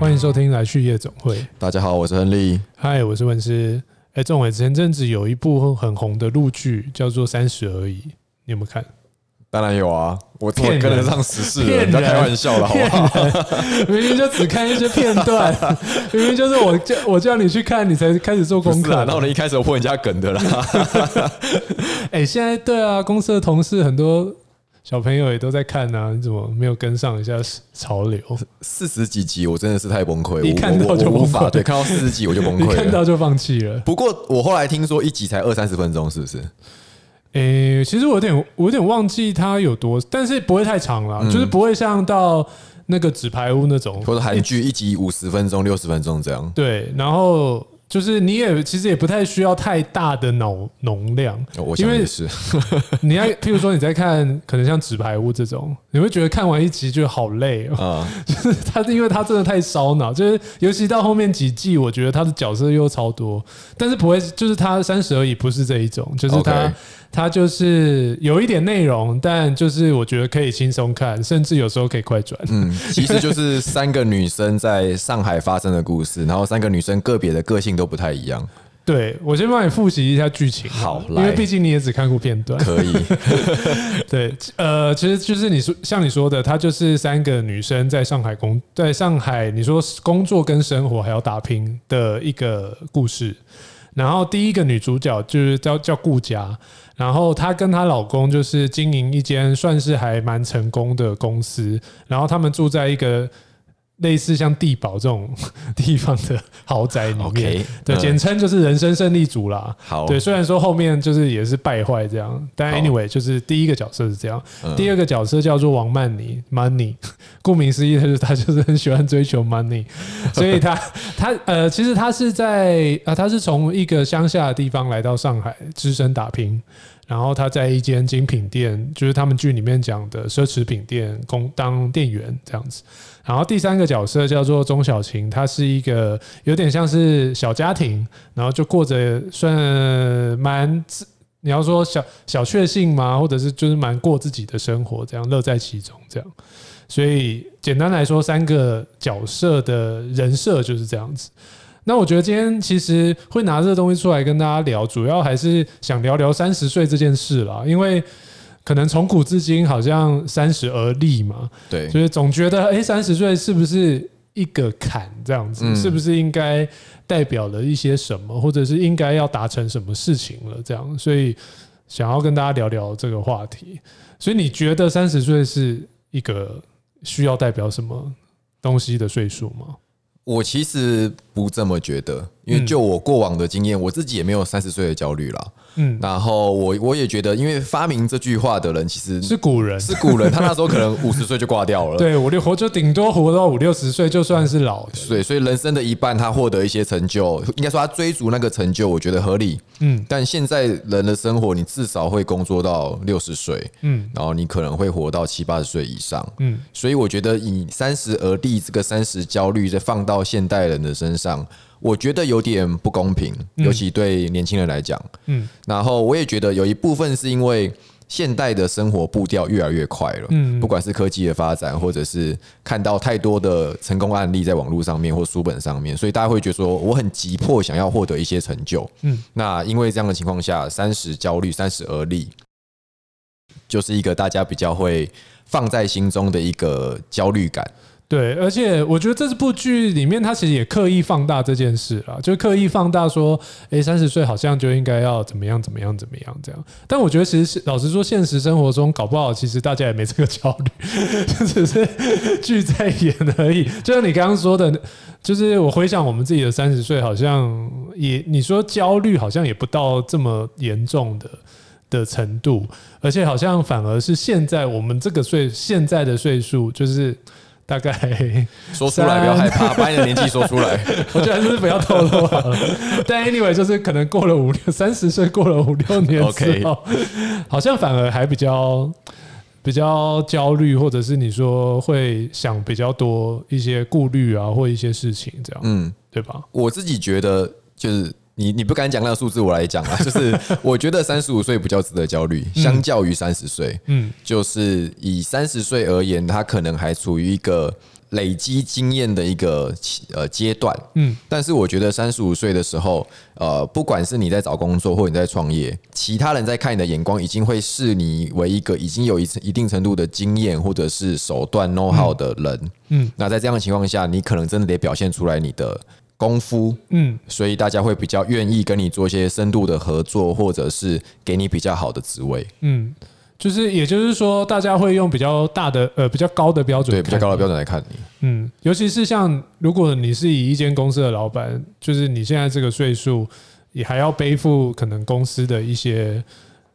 歡迎收聽《來去夜總會》。大家好，我是亨利。嗨，我是文思。哎，仲偉，前陣子有一部很紅的陸劇，叫做《三十而已》，你有沒有看？當然有啊，我怎麼跟得上時事了人？你要開玩笑了，好不好？明明就只看一些片段， 明明就是我叫我叫你去看，你才開始做功課。那我、啊、一開始我破人家梗的啦。 哎，現在對啊，公司的同事很多。小朋友也都在看啊，你怎麼沒有跟上一下潮流？四十幾集，我真的是太崩潰了。一看到就不無法對看到四十集我就崩潰了，一看到就放棄了。不過我後來聽說一集才二三十分鐘，是不是？誒、欸，其實我有點我有點忘記它有多，但是不會太長了，嗯、就是不會像到那個紙牌屋那種，或者韓劇一集五十分鐘、六十分鐘這樣。對，然後。就是你也其實也不太需要太大的腦容量，我因為是， 你要譬如說你在看，可能像《紙牌屋》這種，你會覺得看完一集就好累啊，哦，嗯，就是它，因為它真的太燒腦，就是尤其到後面幾季，我覺得他的角色又超多，但是不會，就是他三十而已不是這一種，就是他。Okay 它就是有一點內容，但就是我覺得可以輕鬆看，甚至有時候可以快轉。嗯，其實就是三個女生在上海發生的故事， 然後三個女生個別的個性都不太一樣。對，我先幫你複習一下劇情。好啦，因為畢竟你也只看過片段。可以。 對，呃，其實就是你說像你說的，它就是三個女生在上海工在上海，你說工作跟生活還要打拼的一個故事。然後第一個女主角就是叫叫顧佳，然後她跟她老公就是經營一間算是還蠻成功的公司，然後他們住在一個。類似像地堡這種地方的豪宅裡面，對，簡稱就是人生勝利組啦。好，對，雖然說後面就是也是敗壞這樣，但 anyway 就是第一個角色是這樣，第二個角色叫做王曼妮，money，顧名思義，他就是他就是很喜歡追求 money，所以他他呃，其實他是在啊、呃，他是從一個鄉下的地方來到上海，只身打拼，然後他在一間精品店，就是他們劇裡面講的奢侈品店工當店員這樣子，然後第三個。角色叫做鍾曉芹，她是一個有點像是小家庭，然後就過着算蠻，你要說小小確幸嘛，或者是就是蠻過自己的生活，這樣樂在其中這樣。所以簡單來說，三個角色的人設就是這樣子。那我覺得今天其實會拿這個東西出來跟大家聊，主要還是想聊聊三十歲這件事啦，因為。可能從古至今，好像三十而立嘛，對，所以總覺得誒，三十歲是不是一個坎？這樣子，嗯，是不是應該代表了一些什麼，或者是應該要達成什麼事情了？這樣，所以想要跟大家聊聊這個話題。所以你覺得三十歲是一個需要代表什麼東西的歲數嗎？我其實不這麼覺得。因為就我過往的經驗，嗯、我自己也沒有三十歲的焦慮了。嗯，然後我我也覺得，因為發明這句話的人其實是古人，是古人，他那時候可能五十歲就掛掉了 對。對我就活就頂多活到五六十歲，就算是老的。對，所以人生的一半，他獲得一些成就，應該說他追逐那個成就，我覺得合理。嗯，但現在人的生活，你至少會工作到六十歲，嗯，然後你可能會活到七八十歲以上，嗯，所以我覺得以三十而立這個三十焦慮，再放到現代人的身上。我覺得有點不公平，尤其對年輕人來講。嗯，嗯，嗯，然後我也覺得有一部分是因為現代的生活步調越來越快了，嗯，不管是科技的發展，或者是看到太多的成功案例在網絡上面或書本上面，所以大家會覺得說我很急迫想要獲得一些成就。嗯，嗯，嗯，那因為這樣的情況下，三十焦慮，三十而立，就是一個大家比較會放在心中的一個焦慮感。對，而且我覺得這是部劇裡面，他其實也刻意放大這件事了，就刻意放大說，誒，三十歲好像就應該要怎麼樣怎麼樣怎麼樣這樣。但我覺得，其實老實說，現實生活中搞不好，其實大家也沒這個焦慮，就 只是劇在演而已。就像你剛剛說的，就是我回想我們自己的三十歲，好像也你說焦慮好像也不到這麼嚴重的的程度，而且好像反而是現在我們這個歲現在的歲數就是。大概說出來不要害怕， 把你的年紀說出來。我覺得還是不要透露了。但 anyway 就是可能過了五六三十歲，過了五六年之後好像反而還比較比較焦慮，或者是你說會想比較多一些顧慮啊，或一些事情這樣。嗯，對吧？我自己覺得就是。你你不敢講那個數字，我來講啊，就是我覺得三十五歲比較值得焦慮，相較於三十歲，嗯，就是以三十歲而言，他可能還處於一個累積經驗的一個呃階段，嗯，但是我覺得三十五歲的時候，呃，不管是你在找工作或你在創業，其他人在看你的眼光，已經會視你為一個已經有一一定程度的經驗或者是手段 know-how 的人，嗯，那在這樣的情況下，你可能真的得表現出來你的。功夫，嗯，所以大家會比較願意跟你做一些深度的合作，或者是給你比較好的職位，嗯，就是也就是說，大家會用比較大的呃比較高的標準看你，對，比較高的標準來看你，嗯，尤其是像如果你是以一間公司的老闆，就是你現在這個歲數，你還要背負可能公司的一些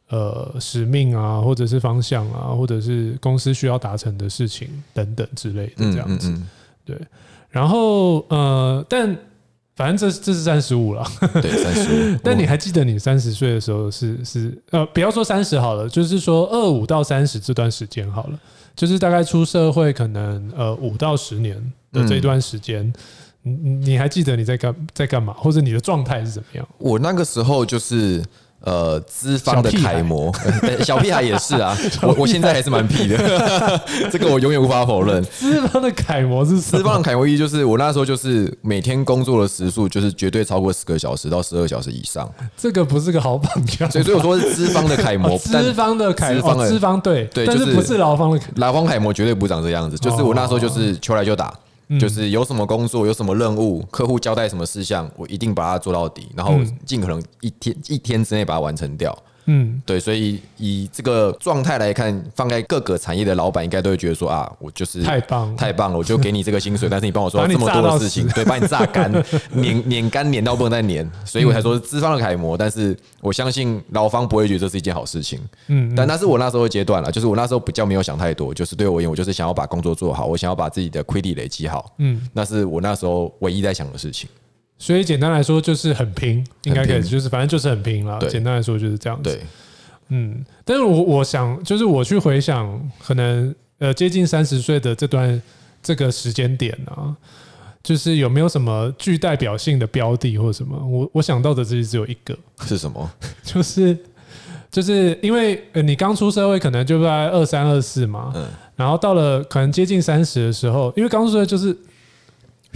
呃使命啊，或者是方向啊，或者是公司需要達成的事情等等之類的這樣子，嗯嗯嗯、對，然後呃，但反正這這是三十五了，對，三十五。但你還記得你三十歲的時候是是呃，不要說三十好了，就是說二五到三十這段時間好了，就是大概出社會可能呃五到十年的這段時間，你、嗯、你還記得你在幹在幹嘛，或者你的狀態是怎麼樣？我那個時候就是。呃，資方的楷模，小屁孩、欸、小屁孩也是啊， 我我現在還是蠻皮的， 這個我永遠無法否認。資方的楷模是什麼？資方的楷模一就是我那時候就是每天工作的時數就是絕對超過十個小時到十二小時以上，這個不是個好榜樣。所以我說是資方的楷模，資、 哦、方的楷模，資方、哦、方對對，但是不是勞方的楷模。楷勞、就是、方楷模絕對不長這樣子，就是我那時候就是求來就打。哦哦哦哦就是有什麼工作，有什麼任務，客戶交代什麼事項，我一定把它做到底，然後盡可能一天一天之內把它完成掉。嗯，對，所以以這個狀態來看，放在各個產業的老闆應該都會覺得說啊，我就是太棒太棒，太棒了，我就給你這個薪水， 但是你幫我說這麼多的事情，對，把你榨乾、碾碾乾、碾到不能再碾，所以我才說是資方的楷模。嗯、但是我相信勞方不會覺得這是一件好事情。嗯，嗯，但那是我那時候的階段了，就是我那時候比較沒有想太多，就是對我而言，我就是想要把工作做好，我想要把自己的虧力累積好。嗯，嗯，那是我那時候唯一在想的事情。所以簡單來說就是很拼，應該可以，就是反正就是很拼了。簡單來說就是這樣子。對，嗯，但是我我想就是我去回想，可能呃接近三十歲的這段這個時間點啊，就是有沒有什麼具代表性的標的或什麼？我我想到的只是只有一個，是什麼？ 就是就是因為呃你剛出社會可能就在二三二四嘛，嗯，然後到了可能接近三十的時候，因為剛出社會就是。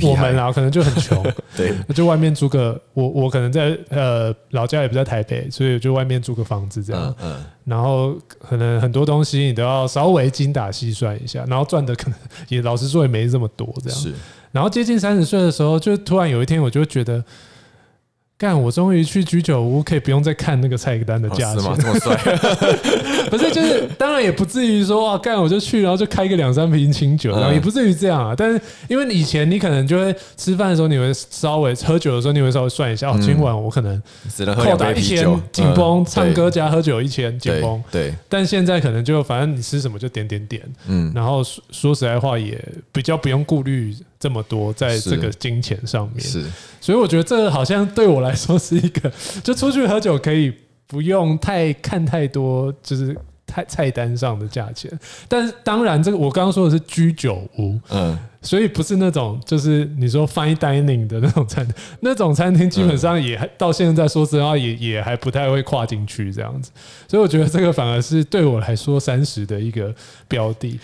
我們啊，可能就很窮， 對，就外面租個我，我可能在呃老家，也不在台北，所以就外面租個房子這樣，嗯，嗯，然後可能很多東西你都要稍微精打細算一下，然後賺的可能也老實說也沒這麼多這樣，是，然後接近三十歲的時候，就突然有一天，我就覺得。幹！我終於去居酒屋，可以不用再看那個菜單的價錢。哦，是嗎？這麼帥？ 不是，就是當然也不至於說幹我就去，然後就開個兩三瓶清酒，嗯，然後也不至於這樣啊。但是因為以前你可能就會吃飯的時候你會稍微喝酒的時候你會稍微算一下，嗯，今晚我可能只能扣打一千，緊繃唱歌加喝酒一千，緊繃。對。但現在可能就反正你吃什麼就點點點，嗯。然後說說實在話，也比較不用顧慮這麼多在這個金錢上面，是，所以我覺得這好像對我來說是一個，就出去喝酒可以不用太看太多，就是，菜菜單上的價錢，但是當然這個我剛剛說的是居酒屋，嗯，所以不是那種就是你說 fine dining 的那種餐廳，那種餐廳，基本上也還、嗯、到現在說實話也也還不太會跨進去這樣子，所以我覺得這個反而是對我來說三十的一個標的，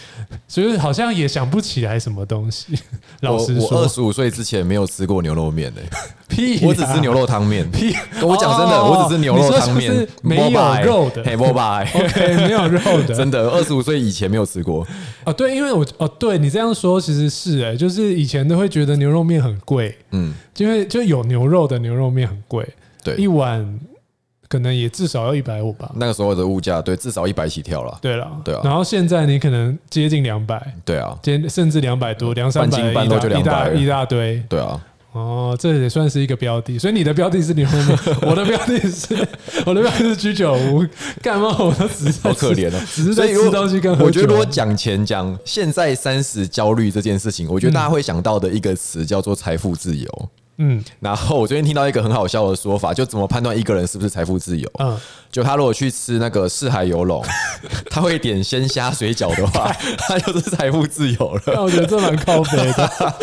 所以好像也想不起來什麼東西。老實說，我二十五歲之前沒有吃過牛肉麵呢、欸。屁啊、我只吃牛肉湯麵。屁，、啊、跟我講真的，哦哦哦我只吃牛肉湯麵，沒有肉的。h e y 沒有肉的， 真的。二十五歲以前沒有吃過啊、哦？對，因為我哦，對你這樣說其實是哎、欸，就是以前都會覺得牛肉麵很貴，嗯，因為就有牛肉的牛肉麵很貴，對，一碗可能也至少要一百五吧。那個時候的物價對，至少一百起跳了。對了，對啊。然後現在你可能接近兩百，對啊，接甚至兩百多、兩三百，斤半多就兩百一一，一大堆，對啊。哦，這也算是一個標的，所以你的標的是你們嗎？ 我的標的是我的標的是 G 九五，幹嘛我都只知好可憐哦，所以，吃東西干。我覺得如果講錢，講現在三十焦慮這件事情，我覺得大家會想到的一個詞叫做財富自由。嗯嗯，然後我昨天聽到一個很好笑的說法，就怎麼判斷一個人是不是財富自由？嗯，就他如果去吃那個四海遊龍， 他會點鮮蝦水餃的話，他就是財富自由了。那、啊、我覺得這蠻高費的，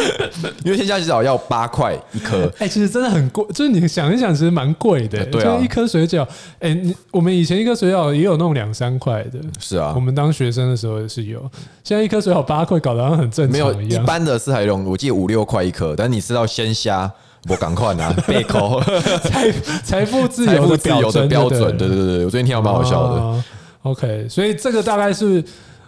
因為鮮蝦至少要八塊一顆。哎、欸，其實真的很貴，就是你想一想，其實蠻貴的、欸。欸、對啊，就一顆，一顆水餃，哎，我們以前一顆水餃也有弄兩三塊的。是啊，我們當學生的時候也是有，現在一顆水餃八塊，搞得，好像很正常一樣。沒有，一般的四海龍我記得五六塊一顆，但你吃到鮮蝦。我趕快拿背扣財財富，自由，富自由的標準，對對對，對,對，我最近聽還蠻好笑的。哦好好。OK，所以這個大概是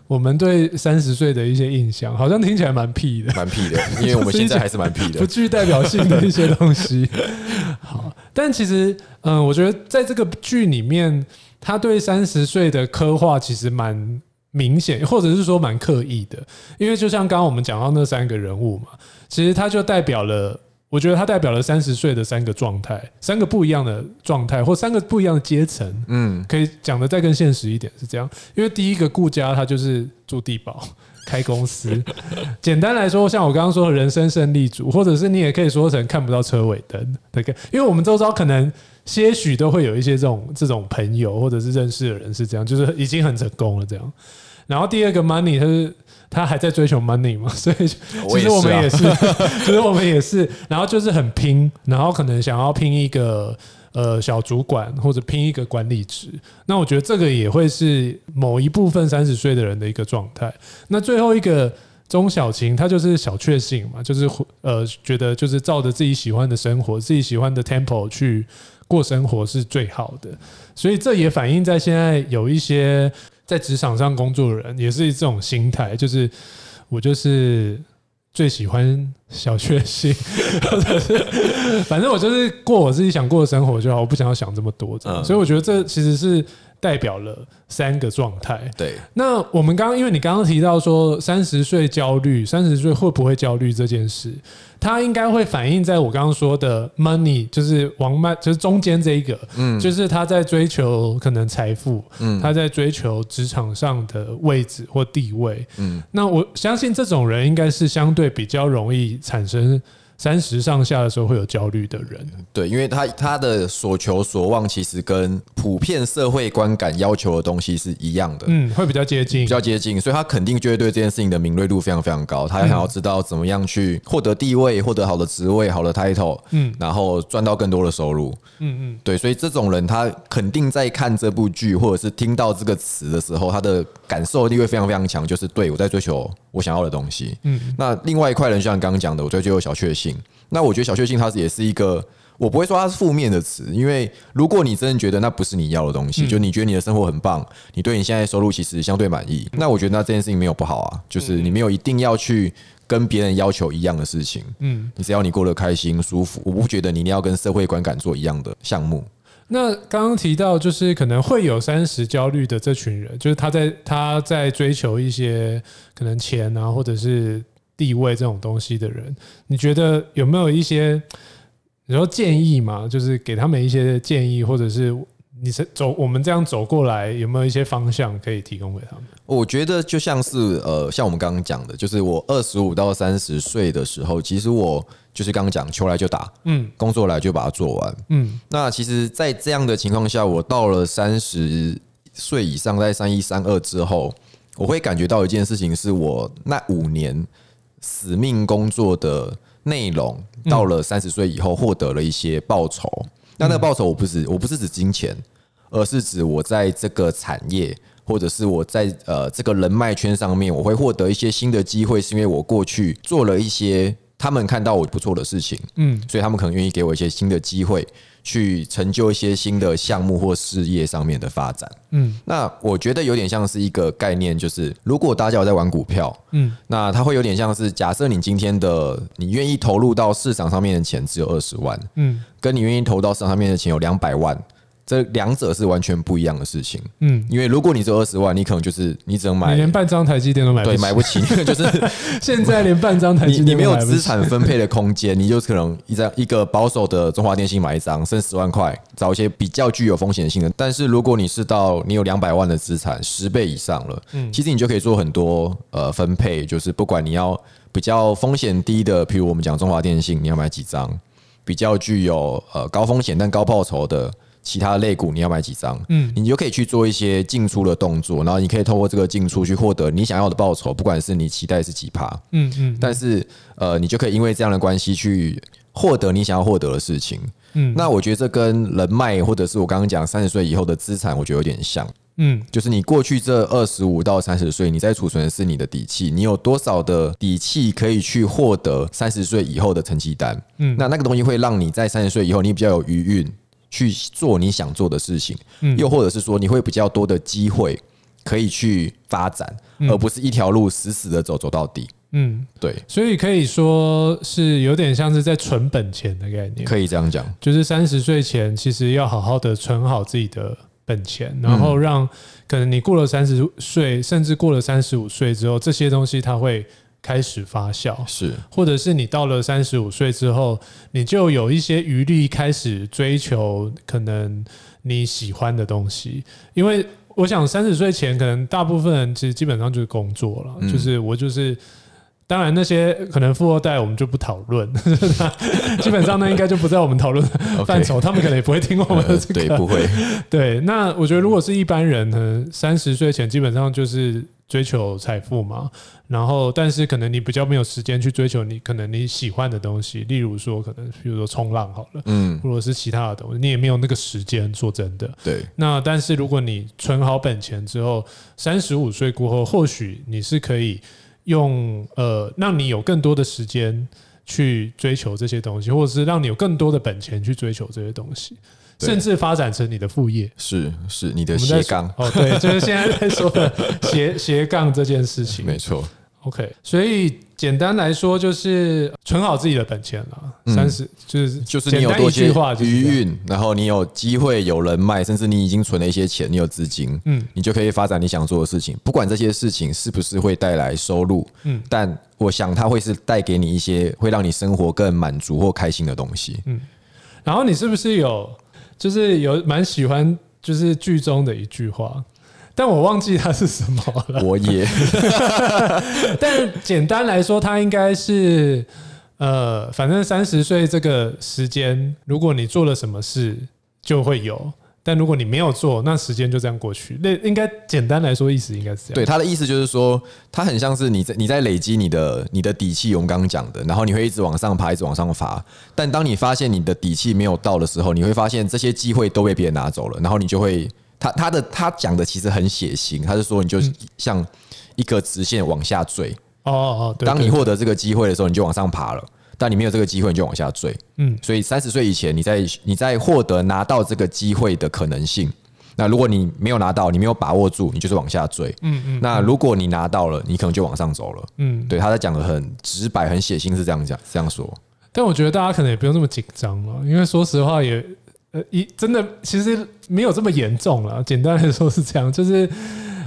我們對三十歲的一些印象，好像聽起來蠻屁的，蠻屁的，因為我們現在還是蠻屁的，不具代表性的一些東西。 好，但其實，嗯，我覺得在這個劇裡面，他對三十歲的刻畫其實蠻明顯，或者是說蠻刻意的，因為就像剛剛我們講到那三個人物嘛，其實他就代表了。我覺得它代表了三十歲的三個狀態，三個不一樣的狀態，或三個不一樣的階層。嗯，可以講的再更現實一點，是這樣。因為第一個顧佳，他就是住帝寶。開公司，簡單來說，像我剛剛說的人生勝利組，或者是你也可以說成看不到車尾燈，對不對？因為我們周遭可能些許都會有一些這種這種朋友，或者是認識的人是這樣，就是已經很成功了這樣。然後第二個 money，他是他還在追求 money 嘛，所以其實我們也是，其實、啊、我們也是， 然後就是很拼，然後可能想要拼一個。呃，小主管或者拼一個管理職，那我覺得這個也會是某一部分三十歲的人的一個狀態。那最後一個鍾曉芹，她就是小確幸嘛，就是呃，覺得就是照着自己喜歡的生活、自己喜歡的 tempo 去過生活是最好的，所以這也反映在現在有一些在職場上工作的人也是這種心態，就是我就是。最喜歡小確幸，反正我就是過我自己想過的生活就好，我不想要想這麼多，嗯、所以我覺得這其實是。代表了三個狀態。對，那我們剛剛因為你剛剛提到說三十歲焦慮，三十歲會不會焦慮這件事，他應該會反映在我剛剛說的 money，就是王曼，就是中間這一個，嗯，就是他在追求可能財富，嗯，他在追求職場上的位置或地位，嗯，那我相信這種人應該是相對比較容易產生。三十上下的時候會有焦慮的人，對，因為他他的所求所望其實跟普遍社會觀感要求的東西是一樣的，嗯，會比較接近，比較接近，所以他肯定就會對這件事情的敏銳度非常非常高，他也想要知道怎麼樣去獲得地位，獲得好的職位，好的 title，嗯，然後賺到更多的收入，嗯嗯，對，所以這種人他肯定在看這部劇或者是聽到這個詞的時候，他的感受力會非常非常強，就是對，我在追求我想要的東西，嗯，那另外一塊人就像剛剛講的，我追求小確幸。那我覺得小確幸它也是一個，我不會說它是負面的詞，因為如果你真的覺得那不是你要的東西，嗯、就你覺得你的生活很棒，你對你現在的收入其實相對滿意，嗯、那我覺得那這件事情沒有不好啊，就是你沒有一定要去跟別人要求一樣的事情，嗯，只要你過得開心舒服，我不覺得你一定要跟社會觀感做一樣的項目。那剛剛提到就是可能會有三十焦慮的這群人，就是他在他在追求一些可能錢啊，或者是。地位這種東西的人，你覺得有沒有一些然後建議嘛？就是給他們一些建議，或者是你是走我們這樣走過來，有沒有一些方向可以提供給他們？我覺得就像是呃，像我們剛剛講的，就是我二十五到三十歲的時候，其實我就是剛剛講，球來就打，嗯，工作來就把它做完，嗯。那其實，在這樣的情況下，我到了三十歲以上，在三一三二之後，我會感覺到一件事情，是我那五年。使命工作的內容，到了三十歲以後獲得了一些報酬。那那個報酬，我不是我不是指金錢，而是指我在這個產業，或者是我在呃這個人脈圈上面，我會獲得一些新的機會，是因為我過去做了一些他們看到我不錯的事情，嗯，所以他們可能願意給我一些新的機會。去成就一些新的項目或事業上面的發展。嗯，那我覺得有點像是一個概念，就是如果大家有在玩股票，嗯，那它會有點像是假設你今天的你願意投入到市場上面的錢只有二十萬，嗯，跟你願意投到市場上面的錢有兩百萬。這兩者是完全不一樣的事情。嗯，因為如果你只有二十萬，你可能就是你只能買，你連半張台積電都買不起，對，買不起。就是 現在連半張台積電都買，你，你沒有資產分配的空間， 你就可能一張一個保守的中華電信買一張，剩十萬塊找一些比較具有風險性的。但是如果你是到你有兩百萬的資產，十倍以上了，嗯，其實你就可以做很多呃分配，就是不管你要比較風險低的，譬如我們講中華電信，你要買幾張比較具有呃高風險但高報酬的。其他類股你要買幾張？嗯，你就可以去做一些進出的動作，然後你可以透過這個進出去獲得你想要的報酬，不管是你期待是幾趴，嗯嗯。但是呃，你就可以因為這樣的關係去獲得你想要獲得的事情。嗯，那我覺得這跟人脈或者是我剛剛講三十歲以後的資產，我覺得有點像。嗯，就是你過去這二十五到三十歲，你在儲存的是你的底氣，你有多少的底氣可以去獲得三十歲以後的成績單？嗯，那那個東西會讓你在三十歲以後你比較有餘韻去做你想做的事情，嗯，又或者是說你會比較多的機會可以去發展，嗯，而不是一條路死死的走走到底。嗯，對，所以可以說是有點像是在存本錢的概念，可以這樣講，就是三十歲前其實要好好的存好自己的本錢，然後讓可能你過了三十歲，甚至過了三十五歲之後，這些東西它會。開始發酵，是，或者是你到了三十五歲之後，你就有一些餘力開始追求可能你喜歡的東西，因為我想三十歲前可能大部分人其實基本上就是工作了，嗯，就是我就是。當然，那些可能富二代，我們就不討論。基本上，那應該就不在我們討論範疇。他們可能也不會聽我們的這個、呃。對，不會。對，那我覺得，如果是一般人呢，三十歲前基本上就是追求財富嘛。然後，但是可能你比較沒有時間去追求你可能你喜歡的東西，例如說，可能比如說衝浪好了，嗯，或者是其他的東西，你也沒有那個時間。說真的，對。那但是，如果你存好本錢之後，三十五歲過後，或許你是可以。用呃，讓你有更多的時間去追求這些東西，或者是讓你有更多的本錢去追求這些東西，甚至發展成你的副業，是是你的斜槓 哦，對，就是現在在說的斜 斜槓這件事情，沒錯。OK，所以簡單來說就是存好自己的本錢了，三十就是就是簡單一句話，餘韻。然後你有機會有人脈，甚至你已經存了一些錢，你有資金，嗯，你就可以發展你想做的事情。不管這些事情是不是會帶來收入，嗯，但我想它會是帶給你一些會讓你生活更滿足或開心的東西，嗯。然後你是不是有就是有蠻喜歡就是劇中的一句話？但我忘記他是什麼了。我也， 但簡單來說，他應該是，呃，反正三十歲這個時間，如果你做了什麼事，就會有；但如果你沒有做，那時間就這樣過去。那應該簡單來說，意思應該是這樣對。對，他的意思就是說，他很像是你在你在累積你的你的底氣，我們剛講的，然後你會一直往上爬，一直往上爬。但當你發現你的底氣沒有到的時候，你會發現這些機會都被別人拿走了，然後你就會。他他的他講的其實很血腥，他是說你就像一個直線往下墜哦哦，對，當你獲得這個機會的時候，你就往上爬了；但你沒有這個機會，你就往下墜。嗯，所以三十歲以前你，你在你在獲得拿到這個機會的可能性。那如果你沒有拿到，你沒有把握住，你就是往下墜。嗯嗯。那如果你拿到了，你可能就往上走了。嗯，對，他在講的很直白，很血腥，是這樣講這樣說。但我覺得大家可能也不用那麼緊張了，因為說實話也。呃，一，真的其實沒有這麼嚴重啦。簡單來說是這樣，就是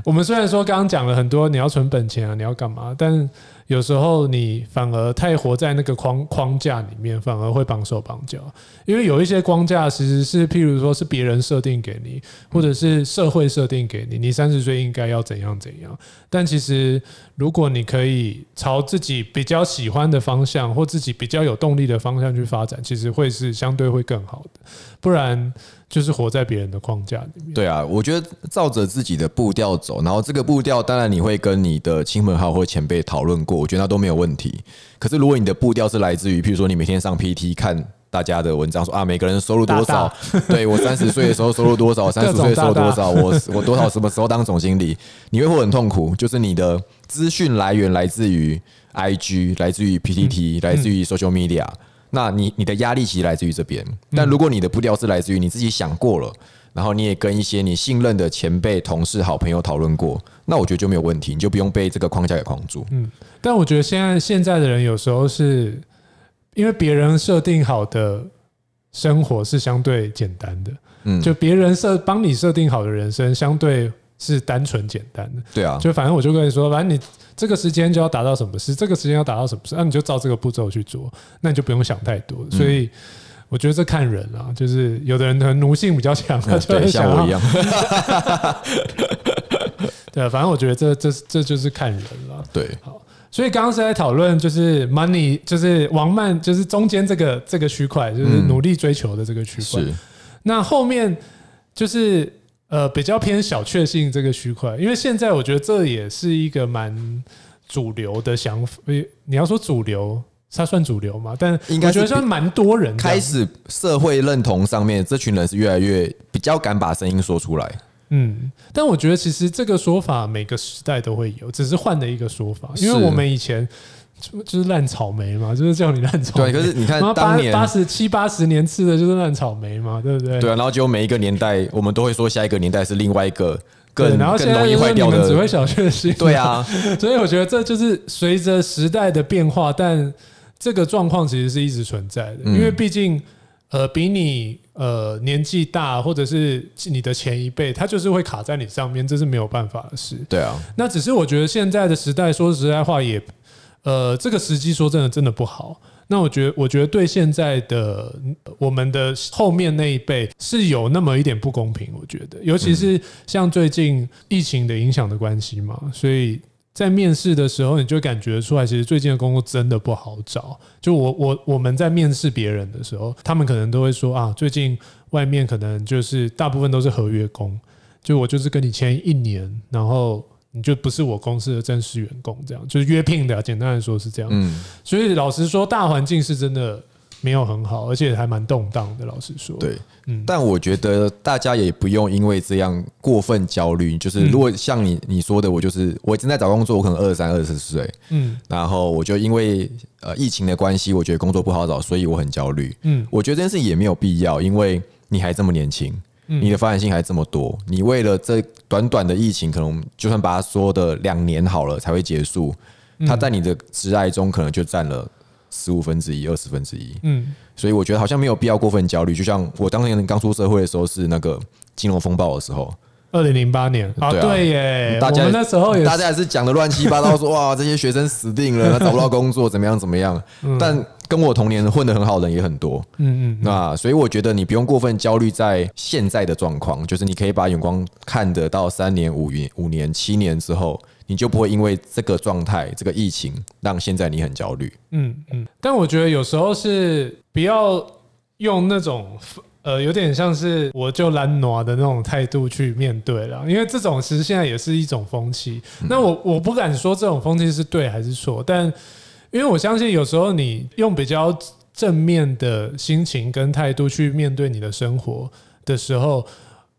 我們雖然說剛剛講了很多，你要存本錢啊，你要幹嘛，但有時候你反而太活在那個框框架裡面，反而會綁手綁腳。因為有一些框架其實是，譬如說是別人設定給你，或者是社會設定給你，你三十歲應該要怎樣怎樣。但其實如果你可以朝自己比較喜歡的方向，或自己比較有動力的方向去發展，其實會是相對會更好的。不然就是活在別人的框架裡面。對啊，我覺得照着自己的步調走，然後這個步調當然你會跟你的親朋好友或前輩討論過，我覺得那都沒有問題。可是如果你的步調是來自於，譬如說你每天上 PT 看大家的文章說，說啊，每個人收入多少，大大對我三十歲的時候收入多少，三十歲收入多少，我我多少什麼時候當總經理，你會會很痛苦。就是你的資訊來源來自於 IG，來自於 PTT，來自於 Social Media，嗯，嗯。那你你的壓力其實來自於這邊，但如果你的步調是來自於你自己想過了，然後你也跟一些你信任的前輩、同事、好朋友討論過，那我覺得就沒有問題，你就不用被這個框架給框住。嗯，但我覺得現在現在的人有時候是因為別人設定好的生活是相對簡單的，嗯，就別人設幫你設定好的人生相對。是單純簡單的，對啊，就反正我就跟你說，反正你這個時間就要達到什麼事，這個時間要達到什麼事，那、啊、你就照這個步驟去做，那你就不用想太多。嗯、所以我覺得這看人了、啊，就是有的人可能奴性比較強，他就會、嗯、對像我一樣。 對、啊，反正我覺得這這這就是看人了、啊。對，好，所以剛剛是在討論，就是 money，就是王漫，就是中間這個這個區塊，就是努力追求的這個區塊。是、嗯，那後面就是。呃，比較偏小確幸這個區塊，因為現在我覺得這也是一個蠻主流的想法。你要說主流，它算主流嗎？但應該我覺得算蠻多人開始社會認同上面，這群人是越來越比較敢把聲音說出來。嗯，但我覺得其實這個說法每個時代都會有，只是換了一個說法。因為我們以前。就就是爛草莓嘛，就是叫你爛草莓。對，可是你看當年八十七八十年次的就是爛草莓嘛，對不對？對啊，然後就每一個年代，我們都會說下一個年代是另外一個更對，然後現在更容易壞掉的、就是只會小學心啊。對啊，所以我覺得這就是隨着時代的變化，但這個狀況其實是一直存在的，嗯、因為畢竟呃比你呃年紀大，或者是你的前一輩，他就是會卡在你上面，這是沒有辦法的事。對啊，那只是我覺得現在的時代，說實在話也。呃，這個時機說真的真的不好。那我覺得，我覺得對現在的我們的後面那一輩是有那麼一點不公平，我覺得。尤其是像最近疫情的影響的關係嘛，所以在面試的時候你就感覺出來，其實最近的工作真的不好找。就我我我們在面試別人的時候，他們可能都會說啊，最近外面可能就是大部分都是合約工。就我就是跟你簽一年，然後。你就不是我公司的正式員工，這樣就是約聘的啊。簡單來說，是這樣。嗯，所以老實說，大環境是真的沒有很好，而且還蠻動盪的。老實說，對，嗯。但我覺得大家也不用因為這樣過分焦慮。就是如果像你你說的，我就是我正在找工作，我可能二十三、二十四歲，嗯，然後我就因為呃疫情的關係，我覺得工作不好找，所以我很焦慮。嗯，我覺得這件事也沒有必要，因為你還這麼年輕。嗯、你的發展性還這麼多，你為了這短短的疫情，可能就算把它說的兩年好了才會結束，他在你的職涯中可能就占了十五分之一、二十分之一。嗯，所以我覺得好像沒有必要過分焦慮。就像我當年剛出社會的時候，是那個金融風暴的時候，二零零八年啊，對啊，對耶，大家也那時候也大家也是講的亂七八糟，說 哇，這些學生死定了，他找不到工作，怎麼樣怎麼樣， 嗯、但。跟我同年混得很好，人也很多，嗯嗯，嗯，那所以我覺得你不用過分焦慮在現在的狀況，就是你可以把眼光看得到三年、五年、五年、七年之後，你就不會因為這個狀態、這個疫情讓現在你很焦慮。嗯嗯，但我覺得有時候是不要用那種呃有點像是我就懶惰的那種態度去面對了，因為這種其實現在也是一種風氣。嗯嗯，那我我不敢說這種風氣是對還是錯，但。因為我相信，有時候你用比較正面的心情跟態度去面對你的生活的時候，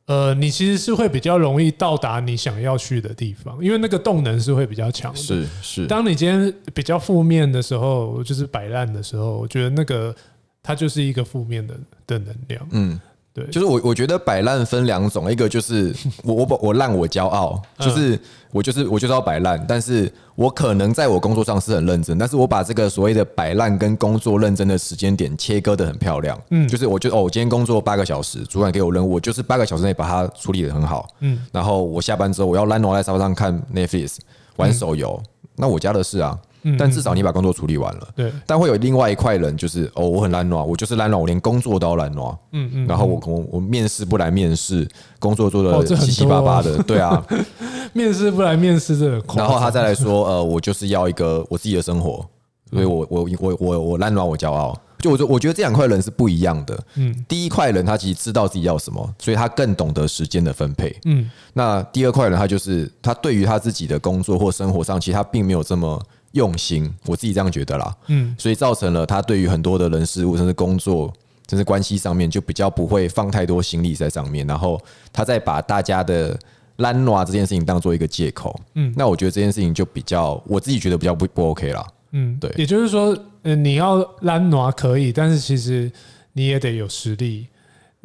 呃，你其實是會比較容易到達你想要去的地方，因為那個動能是會比較強的。是是，當你今天比較負面的時候，就是擺爛的時候，我覺得那個它就是一個負面的的能量。嗯。對，就是我，我覺得擺爛分兩種，一個就是我，我把我爛，我驕傲，就是我就是我就是要擺爛，但是我可能在我工作上是很認真，但是我把這個所謂的擺爛跟工作認真的時間點切割得很漂亮，嗯，就是我就哦，我今天工作八個小時，主管給我任務，我就是八個小時內把它處理得很好，嗯，然後我下班之後，我要爛，挪在沙發上看 Netflix 玩手遊，嗯，那我家的事啊。嗯嗯，但至少你把工作處理完了。對，但會有另外一塊人，就是哦，我很懶惰，我就是懶惰，我連工作都懶惰。嗯嗯，嗯。然後我我我面試不來面試，工作做的七七八八的。哦哦、對啊 ，面試不來面試這個。然後他再來說， 呃，我就是要一個我自己的生活，嗯、所以我我我我我懶惰，我驕傲。就我就我覺得這兩塊人是不一樣的。嗯。第一塊人他其實知道自己要什麼，所以他更懂得時間的分配。嗯。那第二塊人他就是他對於他自己的工作或生活上，其實他並沒有這麼。用心，我自己這樣覺得啦。嗯，所以造成了他對於很多的人事物，甚至工作，甚至關係上面，就比較不會放太多心力在上面。然後他再把大家的爛拿這件事情當做一個借口。嗯，那我覺得這件事情就比較，我自己覺得比較不不 OK 了。嗯，對，也就是說，嗯，你要爛拿可以，但是其實你也得有實力。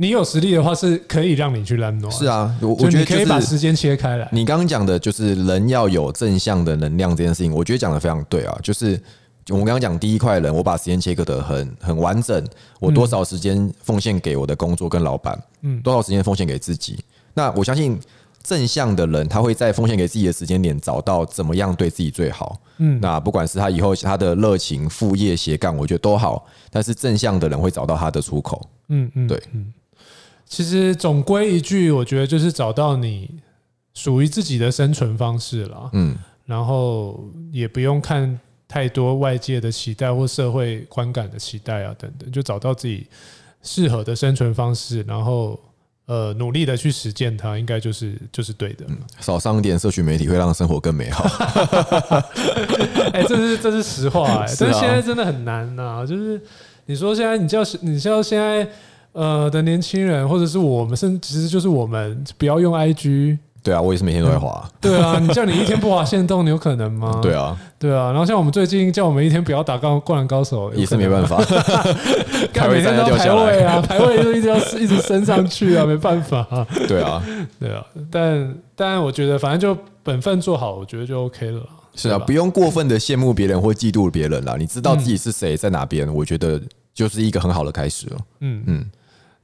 你有實力的話，是可以讓你去拉攏。是啊，我覺得可以把時間切開來。你剛剛講的就是人要有正向的能量這件事情，我覺得講的非常對啊。就是我剛剛講第一塊人，我把時間切割的很很完整，我多少時間奉獻給我的工作跟老闆，嗯，多少時間奉獻給自己。那我相信正向的人，他會在奉獻給自己的時間點找到怎麼樣對自己最好。嗯，那不管是他以後他的熱情、副業、斜槓，我覺得都好。但是正向的人會找到他的出口。嗯嗯，對，其實總歸一句，我覺得就是找到你屬於自己的生存方式了。嗯，然後也不用看太多外界的期待或社會觀感的期待啊，等等，就找到自己適合的生存方式，然後呃，努力的去實踐它，應該就是就是對的。嗯。少上一點社群媒體，會讓生活更美好。哎，這是這是實話。欸，哎，所以現在真的很難吶，啊。就是你說現在，你叫你叫現在。呃，的年輕人或者是我，甚至就是我們，其實就是我們，不要用 IG。對啊，我也是每天都會滑。對啊，你叫你一天不滑限動，你有可能嗎？對啊，對啊。然後像我們最近叫我們一天不要打高灌籃高手，也是沒辦法，因 為每天都排位啊，排位就一直要一直升上去啊，沒辦法。對啊，對啊。但但我覺得，反正就本分做好，我覺得就 OK 了。是啊，不用過分的羨慕別人或嫉妒別人啦。你知道自己是誰、嗯、在哪邊，我覺得就是一個很好的開始了。嗯嗯。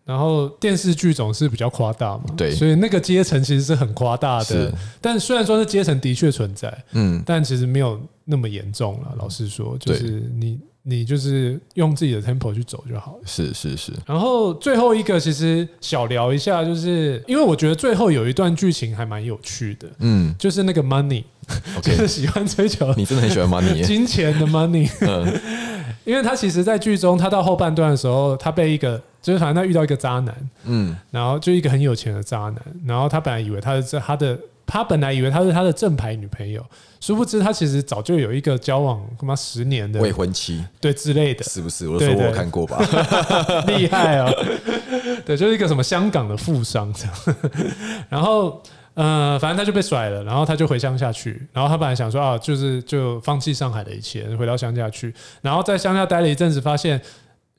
然後電視劇總是比較誇大嘛，對，所以那個階層其實是很誇大的，但雖然說那階層的確存在，嗯，但其實沒有那麼嚴重了。老實說，就是你你就是用自己的 tempo 去走就好了，是是是。然後最後一個其實小聊一下，就是因為我覺得最後有一段劇情還蠻有趣的，嗯，就是那個 money，我就是喜歡追求，你真的很喜歡 money，金錢的 money，因為他其實在劇中，他到後半段的時候，他被一個。就是反正他遇到一個渣男，嗯，然後就一個很有錢的渣男，然後他本來以為他是他的，他本來以為他是他的正牌女朋友。殊不知他其實早就有一個交往什麼十年的未婚妻，對之類的，是不是？我說對對，我看過吧， 厲害哦。 對，就是一個什麼香港的富商這樣。 然後嗯、呃，反正他就被甩了，然後他就回鄉下去，然後他本來想說啊，就是就放棄上海的一切，回到鄉下去。然後在鄉下待了一陣子，發現。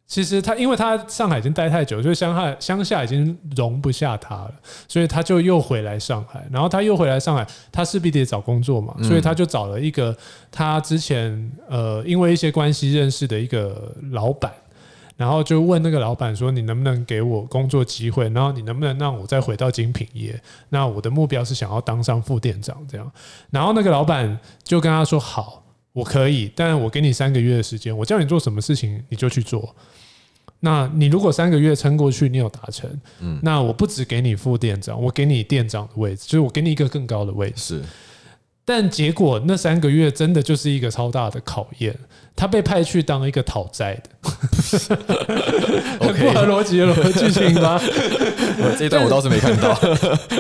其實他，因為他上海已經待太久，就是鄉下鄉下已經容不下他了，所以他就又回來上海。然後他又回來上海，他勢必得找工作嘛，所以他就找了一個他之前呃因為一些關係認識的一個老闆，然後就問那個老闆說：“你能不能給我工作機會？然後你能不能讓我再回到精品業？那我的目標是想要當上副店長這樣。”然後那個老闆就跟他說：“好，我可以，但我給你三個月的時間，我叫你做什麼事情你就去做。”那你如果三個月撐過去，你有達成，嗯，那我不只給你副店長，我給你店長的位置，就是我給你一個更高的位置。是，但結果那三個月真的就是一個超大的考驗，他被派去當一個討債的。 OK，很不合邏輯的劇情嗎 我？這一段我倒是沒看到，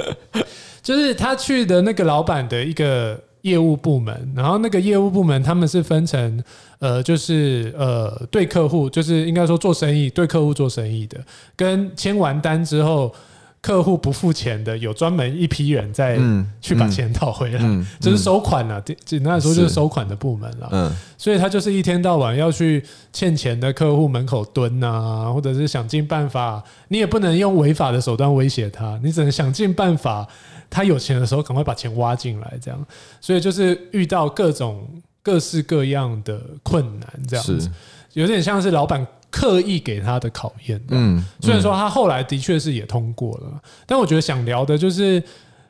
就是他去的那個老板的一個。業務部門，然後那個業務部門他們是分成，呃，就是呃，對客戶，就是應該說做生意，對客戶做生意的，跟簽完單之後客戶不付錢的，有專門一批人再去把錢討回來，這是嗯嗯就是收款了、啊，簡單來說就是收款的部門了。嗯，所以他就是一天到晚要去欠錢的客戶門口蹲啊，或者是想盡辦法，你也不能用違法的手段威脅他，你只能想盡辦法。他有錢的時候，趕快把錢挖進來，這樣。所以就是遇到各種各式各樣的困難，這樣子，有點像是老板刻意給他的考驗。嗯，雖然說他後來的確是也通過了，但我覺得想聊的就是，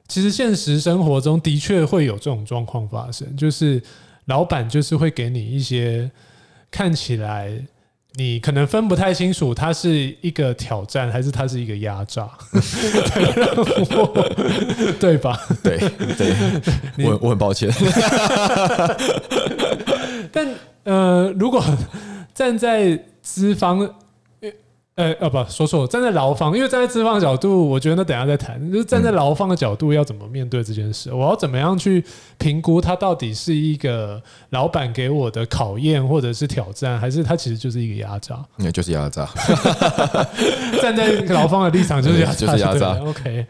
其實現實生活中的確會有這種狀況發生，就是老板就是會給你一些看起來。你可能分不太清楚，它是一個挑戰還是它是一個壓榨， 對吧對？對對，我很我很抱歉。 但呃，如果站在資方。呃、欸、啊、哦，不，說錯了，站在勞方，因為站在資方的角度，我覺得那等下再談。就是站在勞方的角度，要怎麼面對這件事？嗯、我要怎麼樣去評估他到底是一個老闆給我的考驗，或者是挑戰，還是他其實就是一個壓榨？那、嗯、就是壓榨。 站在勞方的立場就是壓榨。就是壓榨、就是、壓榨。OK，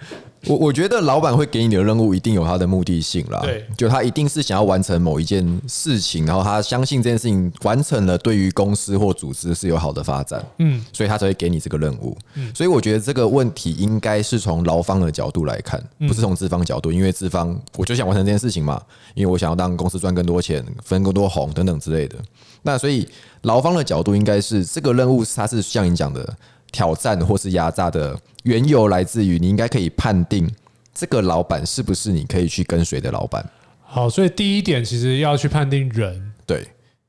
我我覺得老闆會給你的任務一定有他的目的性啦。對，就他一定是想要完成某一件事情，然後他相信這件事情完成了，對於公司或組織是有好的發展。嗯，所以他才會。給你這個任務，所以我覺得這個問題應該是從勞方的角度來看，不是從資方角度，因為資方我就想完成這件事情嘛，因為我想要讓公司賺更多錢，分更多紅等等之類的。那所以勞方的角度應該是這個任務，它是像你講的挑戰或是壓榨的緣由，來自於你應該可以判定這個老板是不是你可以去跟隨的老板。好，所以第一點其實要去判定人。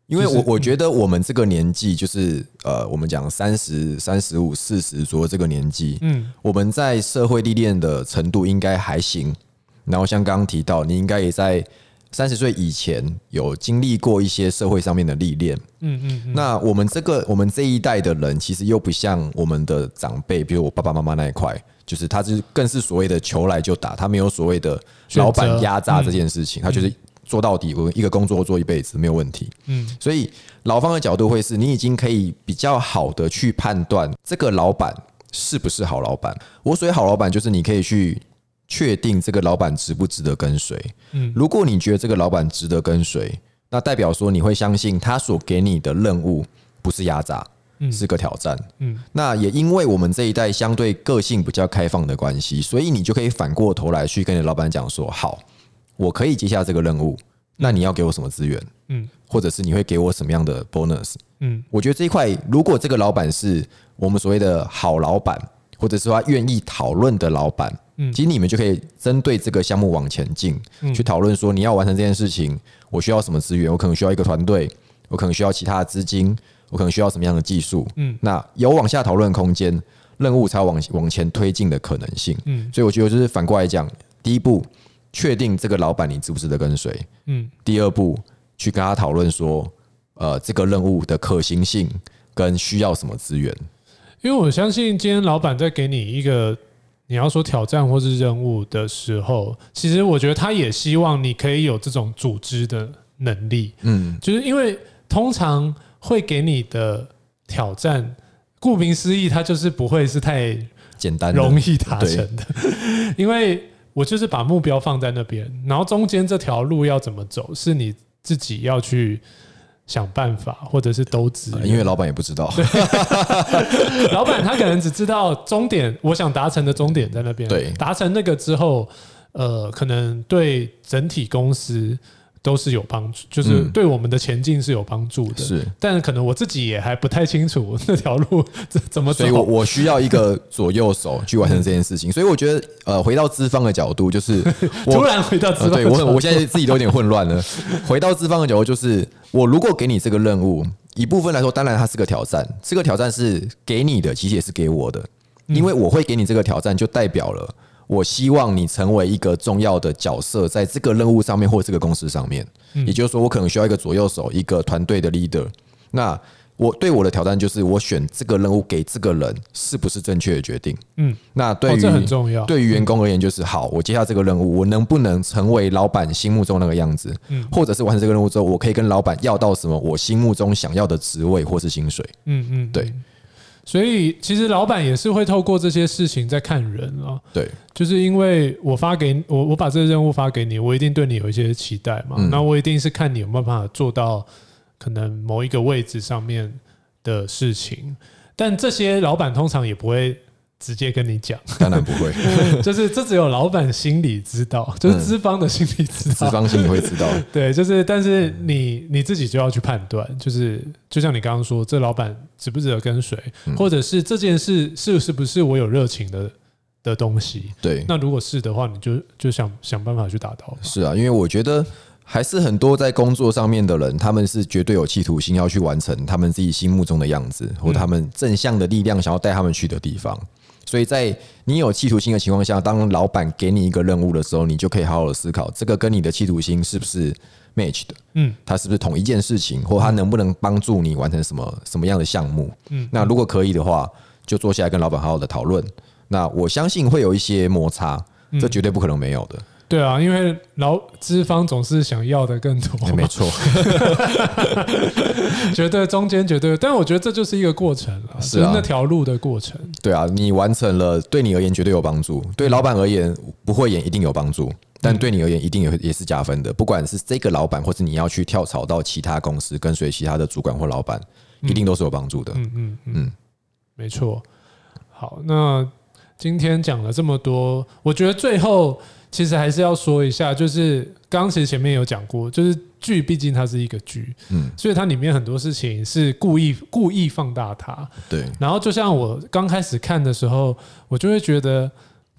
因為我我覺得我們這個年紀就是呃，我們講三十三十五四十左右這個年紀，嗯，我們在社會歷練的程度應該還行。然後像剛剛提到，你應該也在三十歲以前有經歷過一些社會上面的歷練，嗯嗯。那我們這個我們這一代的人，其實又不像我們的長輩，比如我爸爸媽媽那一塊，就是他是更是所謂的求來就打，他沒有所謂的老板壓榨這件事情，他就是。做到底，我一個工作做一輩子沒有問題。嗯，所以老方的角度會是你已經可以比較好的去判斷這個老闆是不是好老闆。我所謂好老闆，就是你可以去確定這個老闆值不值得跟隨。嗯，如果你覺得這個老闆值得跟隨，那代表說你會相信他所給你的任務不是壓榨，嗯，是個挑戰。嗯，那也因為我們這一代相對個性比較開放的關係，所以你就可以反過頭來去跟你的老闆講說好。我可以接下這個任務，那你要給我什麼資源？嗯，或者是你會給我什麼樣的 bonus？嗯，我覺得這一塊，如果這個老闆是我們所謂的好老闆，或者是他願意討論的老闆，嗯，其實你們就可以針對這個項目往前進，嗯，去討論說你要完成這件事情，我需要什麼資源？我可能需要一個團隊，我可能需要其他的資金，我可能需要什麼樣的技術？嗯，那有往下討論空間，任務才有往往前推進的可能性。嗯，所以我覺得就是反過來講，第一步。確定這個老闆你值不值得跟隨？嗯，第二步去跟他討論說，呃，這個任務的可行性跟需要什麼資源？因為我相信今天老闆在給你一個你要說挑戰或是任務的時候，其實我覺得他也希望你可以有這種組織的能力。嗯，就是因為通常會給你的挑戰，顧名思義，它就是不會是太簡單、容易達成的，因為……我就是把目標放在那邊，然後中間這條路要怎麼走，是你自己要去想辦法，或者是都知，呃，因為老闆也不知道。 老闆他可能只知道終點，我想達成的終點在那邊。對，達成那個之後，呃，可能對整體公司。都是有幫助，就是對我們的前進是有幫助的、嗯。是，但可能我自己也還不太清楚這條路怎麼走。所以我我需要一個左右手去完成這件事情。 所以我覺得，呃，回到資方的角度，就是我突然回到資方的角度、呃，對，我很，我現在自己都有點混亂了。 回到資方的角度，就是我如果給你這個任務，一部分來說，當然它是個挑戰。這個挑戰是給你的，其實也是給我的，因為我會給你這個挑戰，就代表了。我希望你成為一個重要的角色，在這個任務上面或這個公司上面。也就是說，我可能需要一個左右手，一個團隊的 leader。那我對我的挑戰就是，我選這個任務給這個人是不是正確的決定？嗯，那對於這很重要。對於員工而言，就是好，我接下這個任務，我能不能成為老闆心目中那個樣子？嗯，或者是完成這個任務之後，我可以跟老闆要到什麼我心目中想要的職位或是薪水？嗯嗯，對。所以，其實老闆也是會透過這些事情在看人啊。對，就是因為我發給我，我把這個任務發給你，我一定對你有一些期待嘛。那、嗯、我一定是看你有沒有辦法做到可能某一個位置上面的事情。但這些老闆通常也不會。直接跟你講，當然不會， 就是這只有老闆心裡知道，就是資方的心裡知道，嗯，資 方心裡會知道。 對，就是，但是你你自己就要去判斷，就是就像你剛剛說，這老闆值不值得跟隨，或者是這件事是是不是我有熱情的的東西。對，那如果是的話，你就就想想辦法去達到。是啊，因為我覺得還是很多在工作上面的人，他們是絕對有企圖心要去完成他們自己心目中的樣子，或他們正向的力量想要帶他們去的地方，嗯。嗯所以在你有企圖心的情況下，當老闆給你一個任務的時候，你就可以好好的思考，這個跟你的企圖心是不是 match 的？嗯，它是不是同一件事情，或它能不能幫助你完成什麼什麼樣的項目？嗯，那如果可以的話，就坐下來跟老闆好好的討論。那我相信會有一些摩擦，這絕對不可能沒有的。嗯。嗯對啊，因為老資方總是想要的更多、欸，沒錯 。覺得中間絕對，但我覺得這就是一個過程、啊是，啊、是那條路的過程。對啊，你完成了，對你而言絕對有幫助，對老闆而言不會也一定有幫助，但對你而言一定也是加分的。不管是這個老闆，或者你要去跳槽到其他公司，跟隨其他的主管或老闆，一定都是有幫助的。嗯嗯嗯，嗯嗯嗯沒錯。好，那今天講了這麼多，我覺得最後。其實還是要說一下，就是剛其實前面有講過，就是劇畢竟它是一個劇，嗯，所以它裡面很多事情是故意故意放大它。對，然後就像我剛開始看的時候，我就會覺得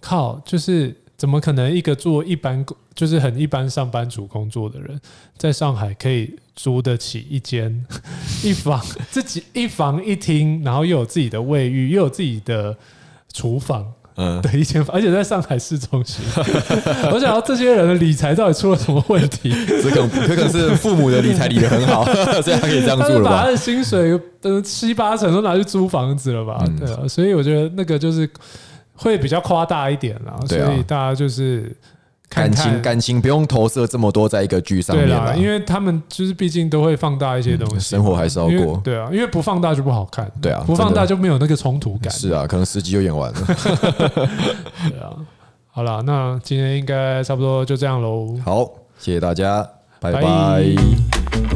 靠，就是怎麼可能一個做一般就是很一般上班族工作的人，在上海可以租得起一間一房 自己一房一廳，然後又有自己的衛浴，又有自己的廚房。嗯，對，一千，而且在上海市中心， 我想要這些人的理財到底出了什麼問題？ 這個，這個是父母的理財理得很好，這 樣 可以這樣住了吧？他的薪水都七八成都拿去租房子了吧？嗯、對啊，所以我覺得那個就是會比較誇大一點啦、啊，所以大家就是。感情，看看，感情不用投射這麼多在一個劇上面，對，因為他們就是畢竟都會放大一些東西，嗯，生活還是要過。對啊，因為不放大就不好看。對啊，不放大就沒有那個衝突感。是啊，可能十集就演完了。 對啊，好了，那今天應該差不多就這樣嘍。好，謝謝大家，拜拜。Bye.